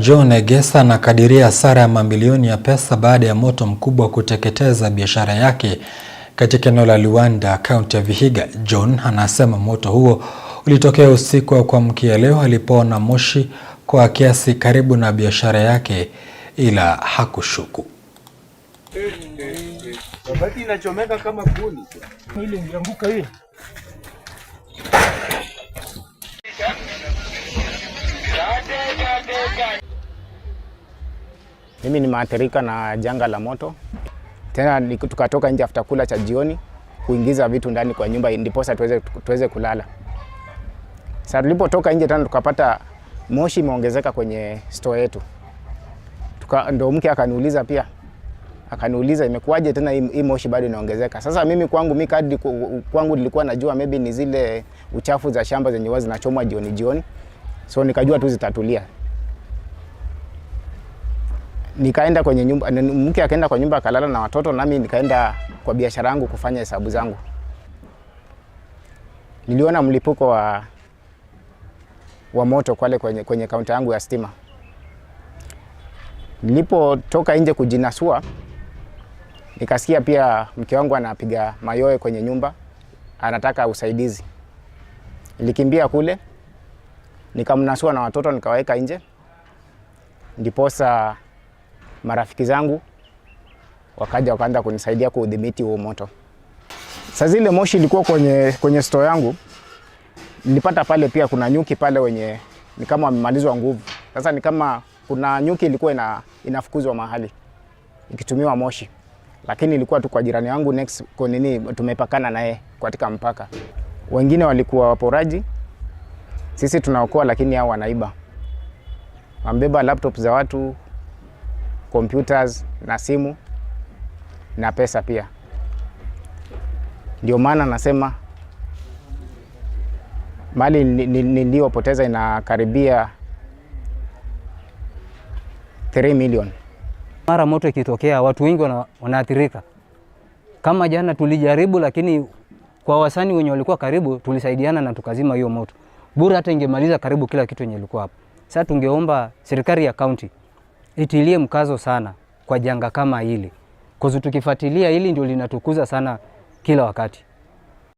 John Egesa anakadiria hasara ya mamilioni ya pesa baada ya moto mkubwa kuteketeza biashara yake katika eneo la Luanda, kaunti ya Vihiga. John anasema moto huo ulitokea usiku wa kuamkia leo alipoona moshi kwa kiasi karibu na biashara yake, ila hakushuku. Mimi nimeathirika na janga la moto, tena tukatoka nje afta kula cha jioni kuingiza vitu ndani kwa nyumba ndiposa tuweze, tuweze kulala. Sasa tulipotoka nje tena tukapata moshi imeongezeka kwenye store yetu, ndo mke akaniuliza pia akaniuliza imekuwaje tena hii moshi bado inaongezeka. Sasa mimi kwangu mi kadri kwangu nilikuwa najua maybe ni zile uchafu za shamba zenye huwa zinachomwa jioni jioni, so nikajua tu zitatulia nikaenda kwenye nyumba, mke akaenda kwa nyumba akalala na watoto, nami nikaenda kwa biashara yangu kufanya hesabu zangu. Niliona mlipuko wa, wa moto kwale kwenye, kwenye kaunta yangu ya stima. Nilipotoka nje kujinasua, nikasikia pia mke wangu anapiga mayowe kwenye nyumba, anataka usaidizi. Nilikimbia kule nikamnasua na watoto nikawaweka nje, ndiposa marafiki zangu wakaja wakaanza kunisaidia kuudhibiti huo moto. Sasa zile moshi ilikuwa kwenye, kwenye store yangu, nilipata pale pia kuna nyuki pale wenye ni kama wamemalizwa nguvu. Sasa ni kama kuna nyuki ilikuwa ina, inafukuzwa mahali ikitumiwa moshi, lakini ilikuwa tu kwa jirani yangu next kwa nini tumepakana naye katika mpaka. Wengine walikuwa waporaji, sisi tunaokoa, lakini hao wanaiba, wambeba laptop za watu computers na simu na pesa pia. Ndio maana nasema mali niliyopoteza inakaribia 3 million Mara moto ikitokea, watu wengi wanaathirika. Kama jana tulijaribu, lakini kwa wasani wenye walikuwa karibu tulisaidiana na tukazima hiyo moto bure, hata ingemaliza karibu kila kitu yenye ilikuwa hapo. Sasa tungeomba serikali ya kaunti itilie mkazo sana kwa janga kama hili, kwa sababu tukifuatilia hili ndio linatukuza sana kila wakati.